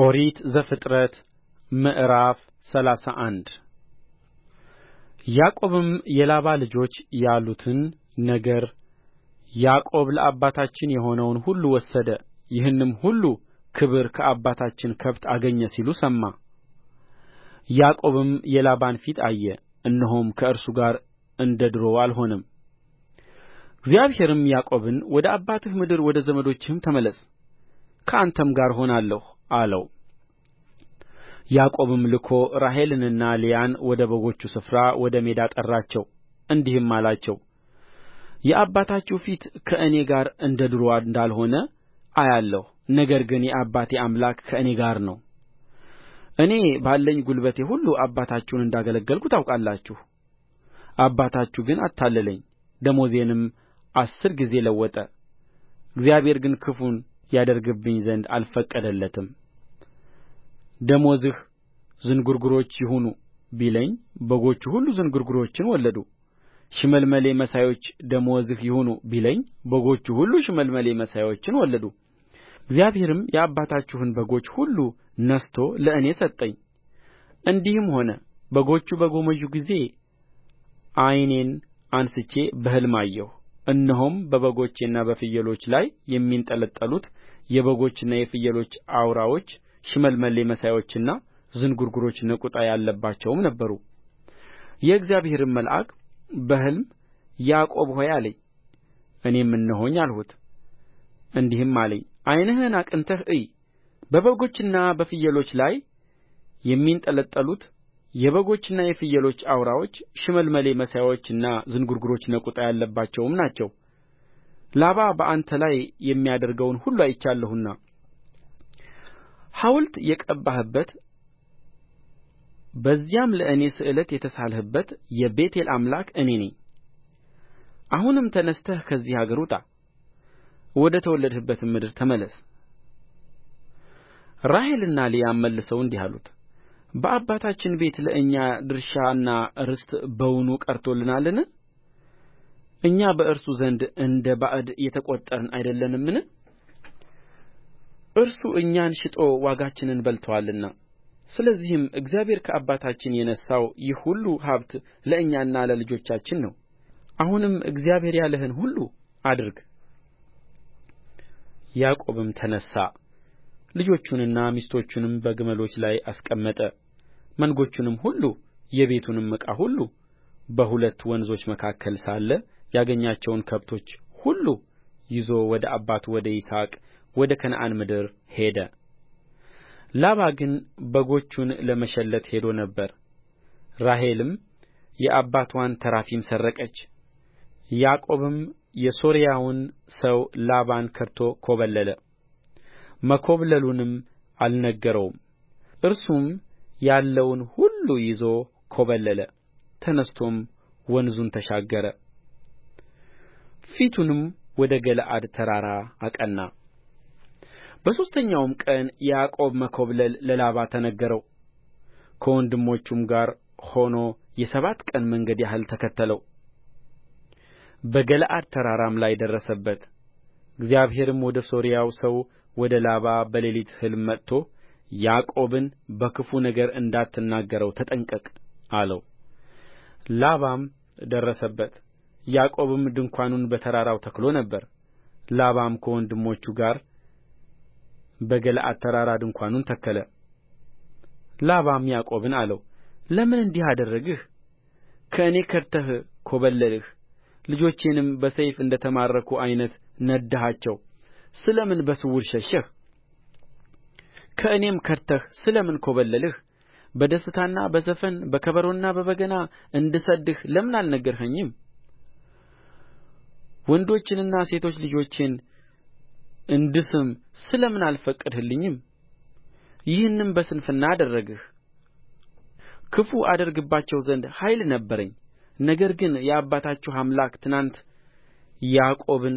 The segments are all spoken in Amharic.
ኦሪት ዘፍጥረት ምዕራፍ ሰላሳ አንድ ያዕቆብም የላባ ልጆች ያሉትን ነገር ያዕቆብ ለአባታችን የሆነውን ሁሉ ወሰደ ይህንም ሁሉ ክብር ከአባታችን ከብት አገኘ ሲሉ ሰማ ያዕቆብም የላባን ፊት አየ እነሆም ከእርሱ ጋር እንደ ዱሮው አልሆነም እግዚአብሔርም ያዕቆብን ወደ አባትህ ምድር ወደ ዘመዶችህም ተመለስ ከአንተም ጋር እሆናለሁ አለው ያዕቆብም ልኮ ራሔልንና ልያን ወደ በጎቹ ስፍራ ወደ ሜዳ ጠራቸው እንዲህም አላቸው የአባታችሁ ፊት ከእኔ ጋር እንደ ዱሮ እንዳልሆነ አያለሁ ነገር ግን የአባቴ አምላክ ከእኔ ጋር ነው እኔ ባለኝ ጕልበቴ ሁሉ አባታችሁን እንዳገለገልሁ ታውቃላችሁ አባታችሁ ግን አታለለኝ ደመወዜንም አስር ጊዜ ለወጠ እግዚአብሔር ግን ክፉን ያደርግብኝ ዘንድ አልፈቀደለትም ደመወዝህ ዝንጉርጉሮች ይሁኑ ቢለኝ በጎቹ ሁሉ ዝንጉርጉሮችን ወለዱ ሽመልመሌ መሳዮች ደመወዝህ ይሁኑ ቢለኝ በጎቹ ሁሉ ሽመልመሌ መሳዮችን ወለዱ እግዚአብሔርም የአባታችሁን በጎች ሁሉ ነሥቶ ለእኔ ሰጠኝ እንዲህም ሆነ በጎቹ በጎመጁ ጊዜ ዓይኔን አንሥቼ በሕልም አየሁ እነሆም በበጎቼና በፍየሎች ላይ የሚንጠላጠሉት የበጎችና የፍየሎች አውራዎች ሽመልመሌ መሳዮችና ዝንጕርጕሮች ነቁጣ ያለባቸውም ነበሩ የእግዚአብሔርም መልአክ በሕልም ያዕቆብ ሆይ አለኝ እኔም እነሆኝ አልሁት እንዲህም አለኝ ዓይንህን አቅንተህ እይ በበጎችና በፍየሎች ላይ የሚንጠለጠሉት የበጎችና የፍየሎች አውራዎች ሽመልመሌ መሳዮችና ዝንጕርጕሮች ነቁጣ ያለባቸውም ናቸው ላባ በአንተ ላይ የሚያደርገውን ሁሉ አይቼአለሁና ሐውልት የቀባህበት በዚያም ለእኔ ስእለት የተሳልህበት የቤቴል አምላክ እኔ ነኝ አሁንም ተነሥተህ ከዚህ አገር ውጣ ወደ ተወለድህበትም ምድር ተመለስ ራሔልና ልያም መልሰው እንዲህ አሉት በአባታችን ቤት ለእኛ ድርሻና ርስት በውኑ ቀርቶልናልን እኛ በእርሱ ዘንድ እንደ ባዕድ የተቈጠርን አይደለንምን እርሱ እኛን ሽጦ ዋጋችንን በልቶአልና ስለዚህም እግዚአብሔር ከአባታችን የነሣው ይህ ሁሉ ሀብት ለእኛና ለልጆቻችን ነው አሁንም እግዚአብሔር ያለህን ሁሉ አድርግ ያዕቆብም ተነሣ ልጆቹንና ሚስቶቹንም በግመሎች ላይ አስቀመጠ መንጎቹንም ሁሉ የቤቱንም ዕቃ ሁሉ በሁለት ወንዞች መካከል ሳለ ያገኛቸውን ከብቶች ሁሉ ይዞ ወደ አባቱ ወደ ይስሐቅ ወደ ከነዓን ምድር ሄደ ላባ ግን በጎቹን ለመሸለት ሄዶ ነበር ራሔልም የአባትዋን ተራፊም ሰረቀች ያዕቆብም የሶርያውን ሰው ላባን ከድቶ ኮበለለ መኮብለሉንም አልነገረውም እርሱም ያለውን ሁሉ ይዞ ኮበለለ ተነሥቶም ወንዙን ተሻገረ ፊቱንም ወደ ገለዓድ ተራራ አቀና በሦስተኛውም ቀን የያዕቆብ መኮብለል ለላባ ተነገረው ከወንድሞቹም ጋር ሆኖ የሰባት ቀን መንገድ ያህል ተከተለው በገለዓድ ተራራም ላይ ደረሰበት እግዚአብሔርም ወደ ሶርያው ሰው ወደ ላባ በሌሊት ሕልም መጥቶ ያዕቆብን በክፉ ነገር እንዳትናገረው ተጠንቀቅ አለው ላባም ደረሰበት ያዕቆብም ድንኳኑን በተራራው ተክሎ ነበር ላባም ከወንድሞቹ ጋር በገለዓድ ተራራ ድንኳኑን ተከለ ላባም ያዕቆብን አለው ለምን እንዲህ አደረግህ ከእኔ ከድተህ ኮበለልህ ልጆቼንም በሰይፍ እንደ ተማረኩ ዓይነት ነዳሃቸው ስለ ምን በስውር ሸሸህ ከእኔም ከድተህ ስለ ምን ኮበለልህ በደስታና በዘፈን በከበሮና በበገና እንድሰድድህ ለምን አልነገርኸኝም ወንዶችንና ሴቶች ልጆቼን እንድስም ስለ ምን አልፈቀድህልኝም ይህንም በስንፍና አደረግህ ክፉ አደርግባቸው ዘንድ ኃይል ነበረኝ ነገር ግን የአባታችሁ አምላክ ትናንት ያዕቆብን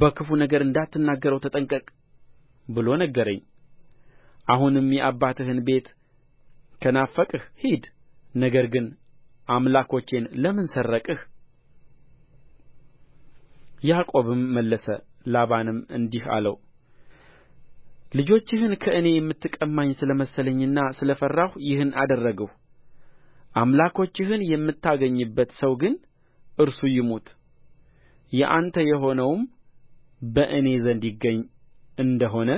በክፉ ነገር እንዳትናገረው ተጠንቀቅ ብሎ ነገረኝ አሁንም የአባትህን ቤት ከናፈቅህ ሂድ ነገር ግን አምላኮቼን ለምን ሰረቅህ ያዕቆብም መለሰ ላባንም እንዲህ አለው ልጆችህን ከእኔ የምትቀማኝ ስለ መሰለኝና ስለ ፈራሁ ይህን አደረግሁ አምላኮችህን የምታገኝበት ሰው ግን እርሱ ይሙት የአንተ የሆነውም በእኔ ዘንድ ይገኝ እንደ ሆነ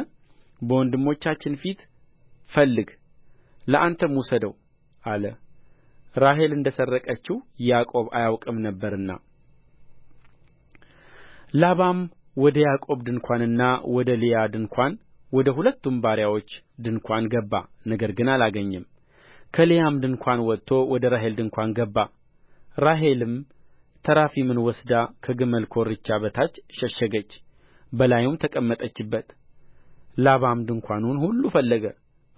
በወንድሞቻችን ፊት ፈልግ ለአንተም ውሰደው አለ ራሔል እንደ ሰረቀችው ያዕቆብ አያውቅም ነበርና ላባም ወደ ያዕቆብ ድንኳንና ወደ ልያ ድንኳን ወደ ሁለቱም ባሪያዎች ድንኳን ገባ ነገር ግን አላገኘም ከልያም ድንኳን ወጥቶ ወደ ራሔል ድንኳን ገባ ራሔልም ተራፊምን ወስዳ ከግመል ኮርቻ በታች ሸሸገች በላዩም ተቀመጠችበት ላባም ድንኳኑን ሁሉ ፈለገ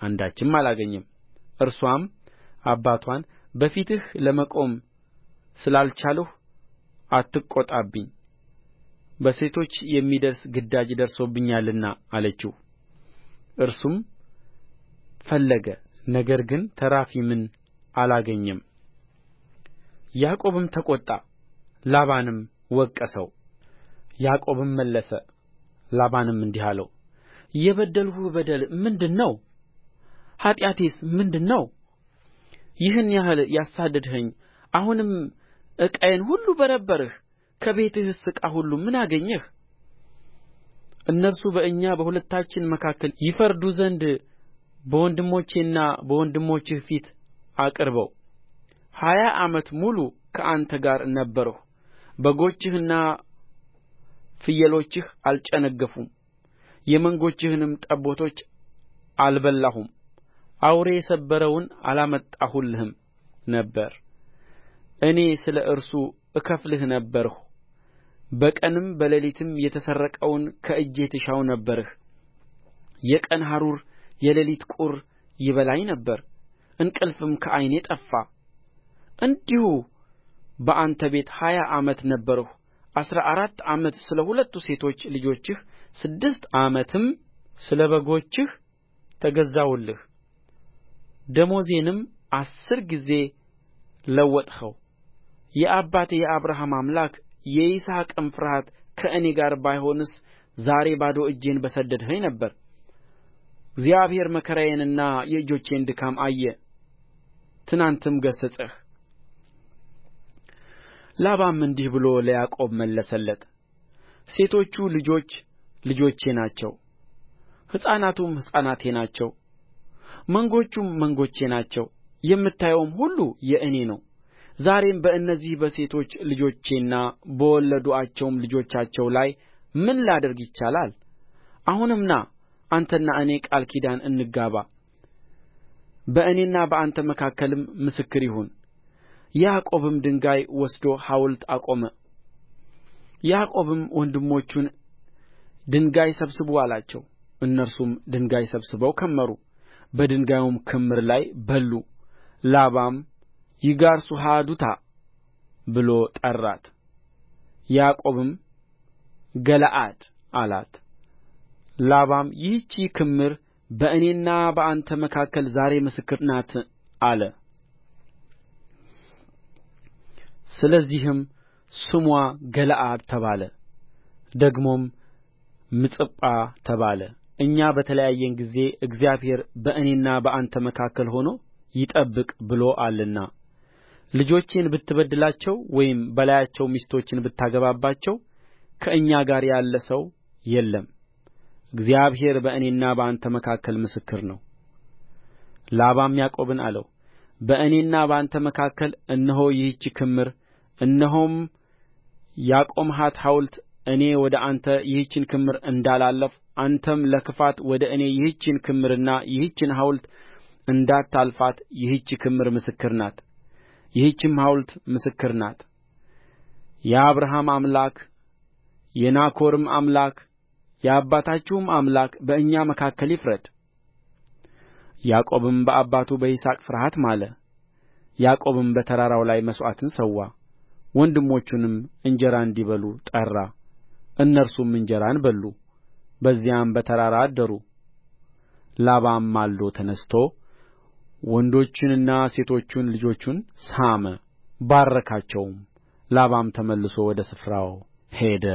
አንዳችም አላገኘም እርስዋም አባትዋን በፊትህ ለመቆም ስላልቻልሁ አትቈጣብኝ በሴቶች የሚደርስ ግዳጅ ደርሶብኛልና አለችው እርሱም ፈለገ ነገር ግን ተራፊምን አላገኘም ያዕቆብም ተቈጣ ላባንም ወቀሰው ያዕቆብም መለሰ ላባንም እንዲህ አለው የበደልሁህ በደል ምንድር ነው ኃጢአቴስ ምንድር ነው ይህን ያህል ያሳደድኸኝ አሁንም ዕቃዬን ሁሉ በረበርህ ከቤትህስ ዕቃ ሁሉ ምን አገኘህ እነርሱ በእኛ በሁለታችን መካከል ይፈርዱ ዘንድ በወንድሞቼና በወንድሞችህ ፊት አቅርበው ሀያ ዓመት ሙሉ ከአንተ ጋር ነበርሁ በጎችህና ፍየሎችህ አልጨነገፉም የመንጎችህንም ጠቦቶች አልበላሁም አውሬ የሰበረውን አላመጣሁልህም ነበር እኔ ስለ እርሱ እከፍልህ ነበርሁ በቀንም በሌሊትም የተሰረቀውን ከእጄ ትሻው ነበርህ የቀን ሐሩር የሌሊት ቁር ይበላኝ ነበር እንቅልፍም ከዓይኔ ጠፋ እንዲሁ በአንተ ቤት ሀያ ዓመት ነበርሁ አሥራ አራት ዓመት ስለ ሁለቱ ሴቶች ልጆችህ ስድስት ዓመትም ስለ በጎችህ ተገዛሁልህ ደመወዜንም አሥር ጊዜ ለወጥኸው የአባቴ የአብርሃም አምላክ የይስሐቅም ፍርሃት ከእኔ ጋር ባይሆንስ ዛሬ ባዶ እጄን በሰደድኸኝ ነበር እግዚአብሔር መከራዬንና የእጆቼን ድካም አየ ትናንትም ገሠጸህ ላባም እንዲህ ብሎ ለያዕቆብ መለሰለት ሴቶቹ ልጆች ልጆቼ ናቸው ሕፃናቱም ሕፃናቴ ናቸው መንጎቹም መንጎቼ ናቸው የምታየውም ሁሉ የእኔ ነው ዛሬም በእነዚህ በሴቶች ልጆቼና በወለዱአቸውም ልጆቻቸው ላይ ምን ላደርግ ይቻላል አሁንም ና አንተና እኔ ቃል ኪዳን እንጋባ በእኔና በአንተ መካከልም ምስክር ይሁን ያዕቆብም ድንጋይ ወስዶ ሐውልት አቆመ ያዕቆብም ወንድሞቹን ድንጋይ ሰብስቡ አላቸው እነርሱም ድንጋይ ሰብስበው ከመሩ በድንጋዩም ክምር ላይ በሉ ላባም ይጋርሱሃዱታ ብሎ ጠራት ያዕቆብም ገለዓድ አላት ላባም ይህች ክምር በእኔና በአንተ መካከል ዛሬ ምስክር ናት አለ ስለዚህም ስምዋ ገለዓድ ተባለ ደግሞም ምጽጳ ተባለ እኛ በተለያየን ጊዜ እግዚአብሔር በእኔና በአንተ መካከል ሆኖ ይጠብቅ ብሎአልና ልጆቼን ብትበድላቸው ወይም በላያቸው ሚስቶችን ብታገባባቸው ከእኛ ጋር ያለ ሰው የለም እግዚአብሔር በእኔና በአንተ መካከል ምስክር ነው ላባም ያዕቆብን አለው በእኔና በአንተ መካከል እነሆ ይህች ክምር እነሆም ያቆምኋት ሐውልት እኔ ወደ አንተ ይህችን ክምር እንዳላለፍ አንተም ለክፋት ወደ እኔ ይህችን ክምርና ይህችን ሐውልት እንዳታልፋት ይህች ክምር ምስክር ናት ይህችም ሐውልት ምስክር ናት የአብርሃም አምላክ የናኮርም አምላክ የአባታችሁም አምላክ በእኛ መካከል ይፍረድ ያዕቆብም በአባቱ በይስሐቅ ፍርሃት ማለ ያዕቆብም በተራራው ላይ መሥዋዕትን ሠዋ ወንድሞቹንም እንጀራ እንዲበሉ ጠራ እነርሱም እንጀራን በሉ በዚያም በተራራ አደሩ ላባም ማልዶ ተነሥቶ ወንዶቹንና ሴቶቹን ልጆቹን ሳመ ባረካቸውም ላባም ተመልሶ ወደ ስፍራው ሄደ